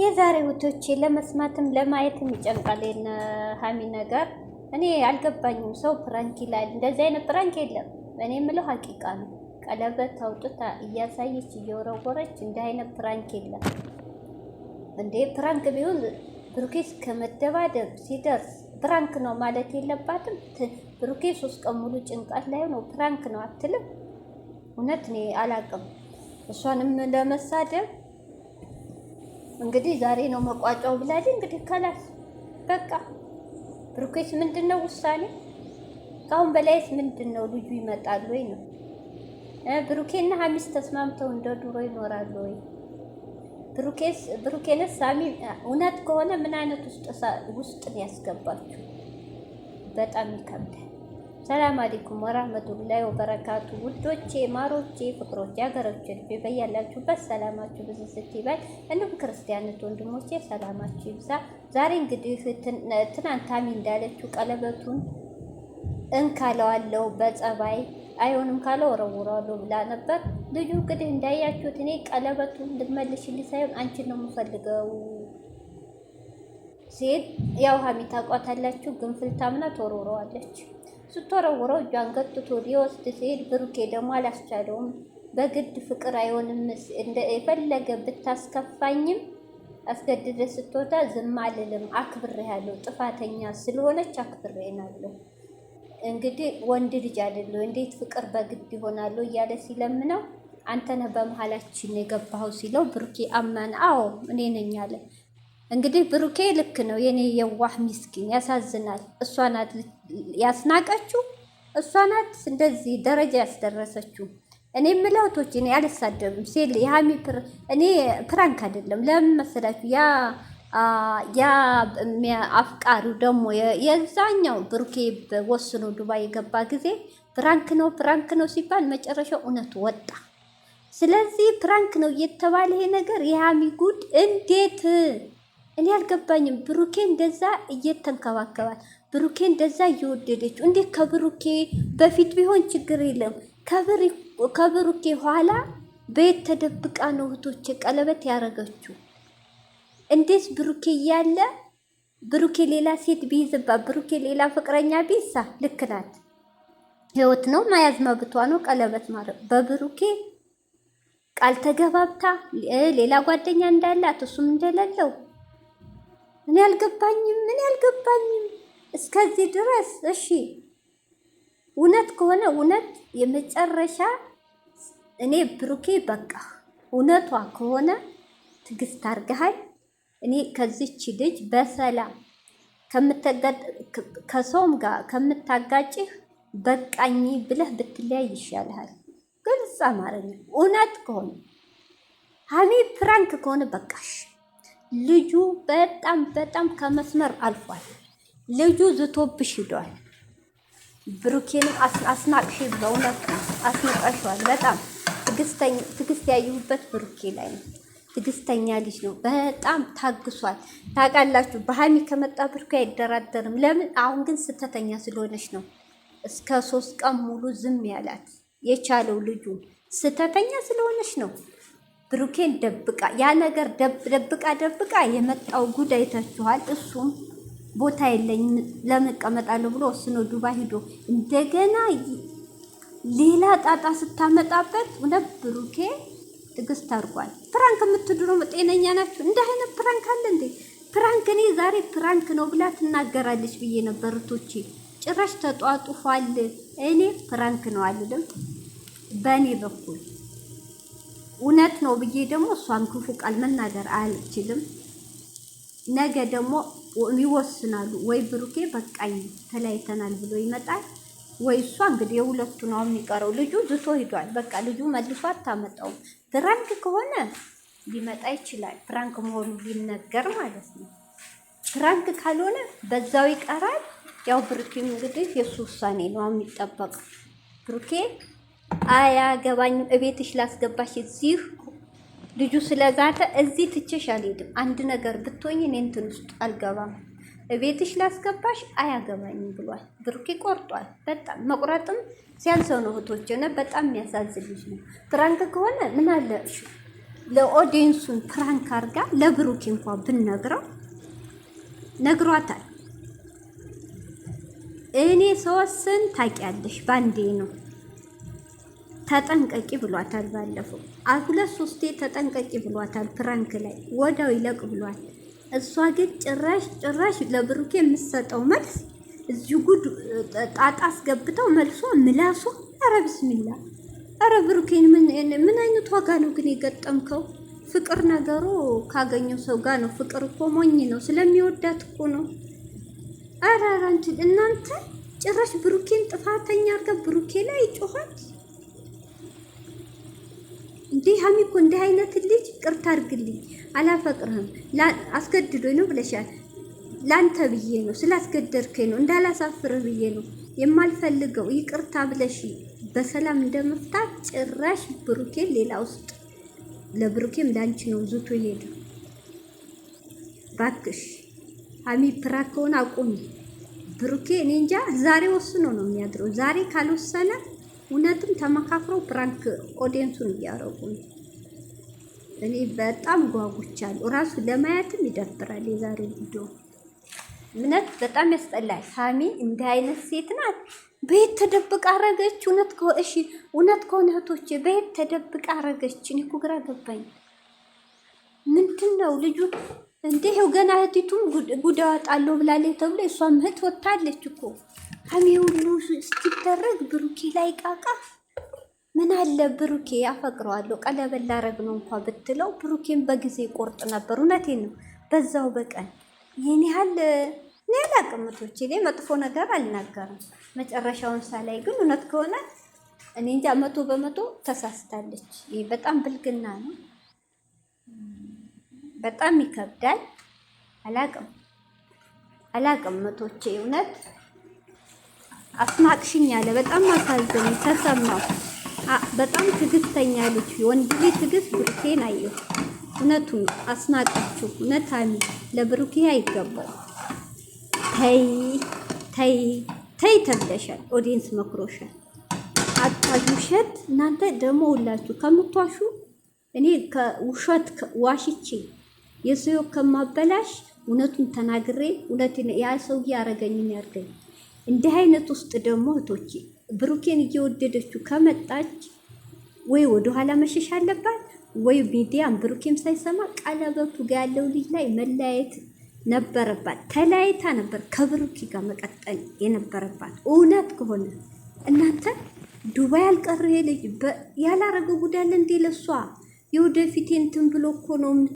የዛሬ ውቶቼ ለመስማትም ለማየትም ይጨንቃል። የነ ሀሚ ነገር እኔ አልገባኝም። ሰው ፕራንክ ይላል፣ እንደዚህ አይነት ፕራንክ የለም። እኔ የምለው ሀቂቃ ነው። ቀለበት አውጥታ እያሳየች እየወረወረች፣ እንደ አይነት ፕራንክ የለም እንዴ! ፕራንክ ቢሆን ብሩኬስ ከመደባደብ ሲደርስ ፕራንክ ነው ማለት የለባትም። ብሩኬ ሶስት ቀን ሙሉ ጭንቀት ላይ ነው። ፕራንክ ነው አትልም። እውነት እኔ አላቅም እሷንም ለመሳደብ እንግዲህ ዛሬ ነው መቋጫው ብላል። እንግዲህ ከላስ በቃ ብሩኬስ ምንድን ነው ውሳኔ? ከአሁን በላይስ ምንድን ነው ልጁ ይመጣል ወይ ነው? ብሩኬና ሀሚስ ተስማምተው እንደ ድሮ ይኖራሉ ወይ? ብሩኬስ ብሩኬንስ ሳሚ እውነት ከሆነ ምን አይነት ውስጥ ውስጥ ነው ያስገባችሁ? በጣም ይከብዳል። ሰላም አለይኩም ወራህመቱላሂ ወበረካቱ። ውዶቼ፣ ማሮቼ፣ ፍቅሮቼ፣ ሀገሮቼ ልጅ በያላችሁበት ሰላማችሁ ብዙ ስትይበል፣ እንዲሁም ክርስቲያኖች ወንድሞቼ ሰላማችሁ ይብዛ። ዛሬ እንግዲህ ትናንት ታሚ እንዳለችው ቀለበቱን እንካለዋለሁ በጸባይ አይሆንም ካለ ወረውረዋለሁ ብላ ነበር። ልጁ እንግዲህ እንዳያችሁት እኔ ቀለበቱን ልመልሽልኝ ሳይሆን አንቺን ነው የምፈልገው ሴት ያው ሀሚ ታውቋታላችሁ፣ ግንፍልታምና ተወርውረዋለች። ስትወረውረው እጇን ገጥቶ ሊወስድ ሲሄድ ብሩኬ ደግሞ አላስቻለውም። በግድ ፍቅር አይሆንም። የፈለገ ብታስከፋኝም አስገድደ ስትወጣ ዝም አልልም። ያለው ጥፋተኛ ስለሆነች አክብሬናለሁ። እንግዲህ ወንድ ልጅ አይደለሁ እንዴት ፍቅር በግድ ይሆናሉ እያለ ሲለምነው አንተ ነህ በመሀላችን የገባኸው ሲለው ብሩኬ አመን አዎ እኔ ነኝ አለ። እንግዲህ ብሩኬ ልክ ነው። የኔ የዋህ ሚስኪን ያሳዝናል። እሷ ናት ያስናቀችው እሷ ናት፣ እንደዚህ ደረጃ ያስደረሰችው። እኔ የምለው እህቶቼ እኔ አልሳደብም ሲል የሀሚ እኔ ፕራንክ አይደለም። ለምን መሰላችሁ? ያ ያ አፍቃሪው ደግሞ የዛኛው ብሩኬ ወስኖ ዱባይ የገባ ጊዜ ፕራንክ ነው ፕራንክ ነው ሲባል መጨረሻው እውነቱ ወጣ። ስለዚህ ፕራንክ ነው እየተባለ ይሄ ነገር የሀሚ ጉድ እንዴት እኔ አልገባኝም። ብሩኬ እንደዛ እየተንከባከባል ብሩኬ እንደዛ እየወደደችው እንዴት? ከብሩኬ በፊት ቢሆን ችግር የለም። ከብሩኬ ኋላ በየት ተደብቃ ነው እህቶች ቀለበት ያደረገችው? እንዴት ብሩኬ እያለ ብሩኬ ሌላ ሴት ቢይዝባት፣ ብሩኬ ሌላ ፍቅረኛ ቢሳ ልክ ናት። ህይወት ነው መያዝ መብቷ ነው። ቀለበት ማድረግ በብሩኬ ቃል ተገባብታ ሌላ ጓደኛ እንዳላት እሱም እንደሌለው እኔ አልገባኝም። ምን አልገባኝም። እስከዚህ ድረስ እሺ፣ እውነት ከሆነ እውነት የመጨረሻ እኔ ብሩኬ በቃ እውነቷ ከሆነ ትግስት አርገሃል። እኔ ከዚች ልጅ በሰላም ከሰውም ጋር ከምታጋጭህ በቃኝ ብለህ ብትለያይ ይሻልሃል። ግልጽ አማርኛ እውነት ከሆነ ሀሚ ፍራንክ ከሆነ በቃሽ። ልጁ በጣም በጣም ከመስመር አልፏል። ልጁ ዝቶብሽ ሂዷል። ብሩኬንም አስናቅሽ፣ በእውነት ነው በጣም ትግስት ያየሁበት ብሩኬ ላይ ነው። ትግስተኛ ልጅ ነው። በጣም ታግሷል። ታውቃላችሁ፣ በሀሚ ከመጣ ብሩኬ አይደራደርም። ለምን? አሁን ግን ስተተኛ ስለሆነች ነው እስከ ሶስት ቀን ሙሉ ዝም ያላት የቻለው ልጁ ስተተኛ ስለሆነች ነው። ብሩኬን ደብቃ ያ ነገር ደብቃ ደብቃ የመጣው ጉድ አይታችኋል። እሱም ቦታ የለኝም ለመቀመጣለሁ እቀመጣለሁ ብሎ ወስኖ ዱባ ሂዶ እንደገና ሌላ ጣጣ ስታመጣበት እውነት ብሩኬ ትዕግስት አድርጓል። ፕራንክ የምትድሮ ጤነኛ ናቸው። እንደ አይነት ፕራንክ አለ እንዴ? ፕራንክ እኔ ዛሬ ፕራንክ ነው ብላ ትናገራለች ብዬ ነበር። ጭራሽ ተጧጡፏል። እኔ ፕራንክ ነው አልልም። በእኔ በኩል እውነት ነው ብዬ ደግሞ እሷን ክፉ ቃል መናገር አልችልም። ነገ ደግሞ ይወስናሉ። ወይ ብሩኬ በቃኝ ተለያይተናል ብሎ ይመጣል፣ ወይ እሷ እንግዲህ የሁለቱ ነው የሚቀረው። ልጁ ዝቶ ሂዷል። በቃ ልጁ መልሶ አታመጣውም። ፍራንክ ከሆነ ሊመጣ ይችላል። ፍራንክ መሆኑ ሊነገር ማለት ነው። ፍራንክ ካልሆነ በዛው ይቀራል። ያው ብሩኬም እንግዲህ የእሱ ውሳኔ ነው የሚጠበቀው ብሩኬ አያገባኝም፣ እቤትሽ ላስገባሽ እዚህ ልጁ ስለዛተ እዚህ ትቼሽ አልሄድም። አንድ ነገር ብትሆኝ እኔ እንትን ውስጥ አልገባም፣ ቤትሽ ላስገባሽ አያገባኝም ብሏል። ብሩኬ ቆርጧል። በጣም መቁረጥም ሲያንሰው ነው እህቶች፣ ሆነ በጣም የሚያሳዝን ልጅ ነው። ፕራንክ ከሆነ ምን አለ ለኦዲየንሱን ፕራንክ አርጋ ለብሩኬ እንኳ ብንነግረው ነግሯታል። እኔ ሰወስን ታውቂያለሽ፣ ባንዴ ነው ተጠንቀቂ ብሏታል ባለፈው ሁለት ሶስቴ ተጠንቀቂ ብሏታል። ፕራንክ ላይ ወዳው ይለቅ ብሏል። እሷ ግን ጭራሽ ጭራሽ ለብሩኬ የምትሰጠው መልስ እዚህ ጉድ ጣጣ አስገብተው መልሶ ምላሱ አረ ብስሚላ አረ ብሩኬን ምን አይነት ዋጋ ነው ግን የገጠምከው? ፍቅር ነገሩ ካገኘው ሰው ጋር ነው። ፍቅር እኮ ሞኝ ነው፣ ስለሚወዳት እኮ ነው። ኧረ እናንተ ጭራሽ ብሩኬን ጥፋተኛ አድርገህ ብሩኬ ላይ ጮኸት። እንዴ ሀሚ እኮ እንዲህ አይነት ልጅ ቅርታ አድርግልኝ፣ አላፈቅርህም አስገድዶኝ ነው ብለሻል። ላንተ ብዬ ነው ስላስገደድከኝ ነው እንዳላሳፍርህ ብዬ ነው የማልፈልገው ይቅርታ ብለሽ በሰላም እንደመፍታት ጭራሽ ብሩኬን ሌላ ውስጥ ለብሩኬም ላንቺ ነው ዙቶ ይሄዱ። ባክሽ ሀሚ ፕራክ ከሆነ አቁሚ። ብሩኬ እኔ እንጃ ዛሬ ወስኖ ነው የሚያድረው። ዛሬ ካልወሰነ እውነትም ተመካክረው ፕራንክ ኦዲየንሱን እያደረጉ ነው። እኔ በጣም ጓጉቻለሁ። ራሱ ለማየትም ይደብራል። የዛሬ ቪዲዮ እምነት በጣም ያስጠላል። ሳሚ እንደ አይነት ሴት ናት። በየት ተደብቃ አረገች? እውነት እሺ፣ እውነት ከሆነ እህቶች በየት ተደብቃ አረገች? እኔ እኮ ግራ ገባኝ። ምንድን ነው ልጁ እንደ ይኸው ገና እህቲቱም ጉዳ አወጣለሁ ብላለች ተብሎ እሷም እህት ወጥታለች እኮ ሀሜው ሉዝ እስኪደረግ ብሩኬ ላይ ቃቃ ምን አለ ብሩኬ አፈቅረዋለሁ ቀለበት ላረግ ነው እንኳ ብትለው ብሩኬን በጊዜ ቆርጥ ነበር። እውነቴን ነው። በዛው በቀን ይህን ያህል እኔ አላቅምቶች ላይ መጥፎ ነገር አልናገርም። መጨረሻውን ሳላይ ግን እውነት ከሆነ እኔ እንጃ መቶ በመቶ ተሳስታለች። ይህ በጣም ብልግና ነው። በጣም ይከብዳል። አላቅም አላቅምቶቼ እውነት አስናቅሽኝ አለ። በጣም አሳዘነኝ ተሰማው። በጣም ትዕግስተኛ ልጅ ወንድ ልጅ ትዕግስት ብሩኬን አየሁ። እውነቱን አስናቀችው። እውነት አሚ ለብሩኬ አይገባው። ተይ ተይ ተይ ተብለሻል። ኦዲየንስ መክሮሻል። አጣዩ ውሸት። እናንተ ደግሞ ሁላችሁ ከምትዋሹ እኔ ከውሸት ዋሽቼ የሰው ከማበላሽ እውነቱን ተናግሬ እውነቴን ያ ሰውዬ አረገኝን ያርገኝ። እንዲህ አይነት ውስጥ ደግሞ እህቶቼ ብሩኬን እየወደደችው ከመጣች ወይ ወደኋላ መሸሽ አለባት ወይ ሚዲያም ብሩኬም ሳይሰማ ቀለበቱ ጋር ያለው ልጅ ላይ መለያየት ነበረባት። ተለያይታ ነበር ከብሩኬ ጋር መቀጠል የነበረባት እውነት ከሆነ እናንተ ዱባይ ያልቀረ ልጅ ያላረገ ጉዳለ እንዴ ለሷ የወደፊቴ እንትን ብሎ እኮ ነው።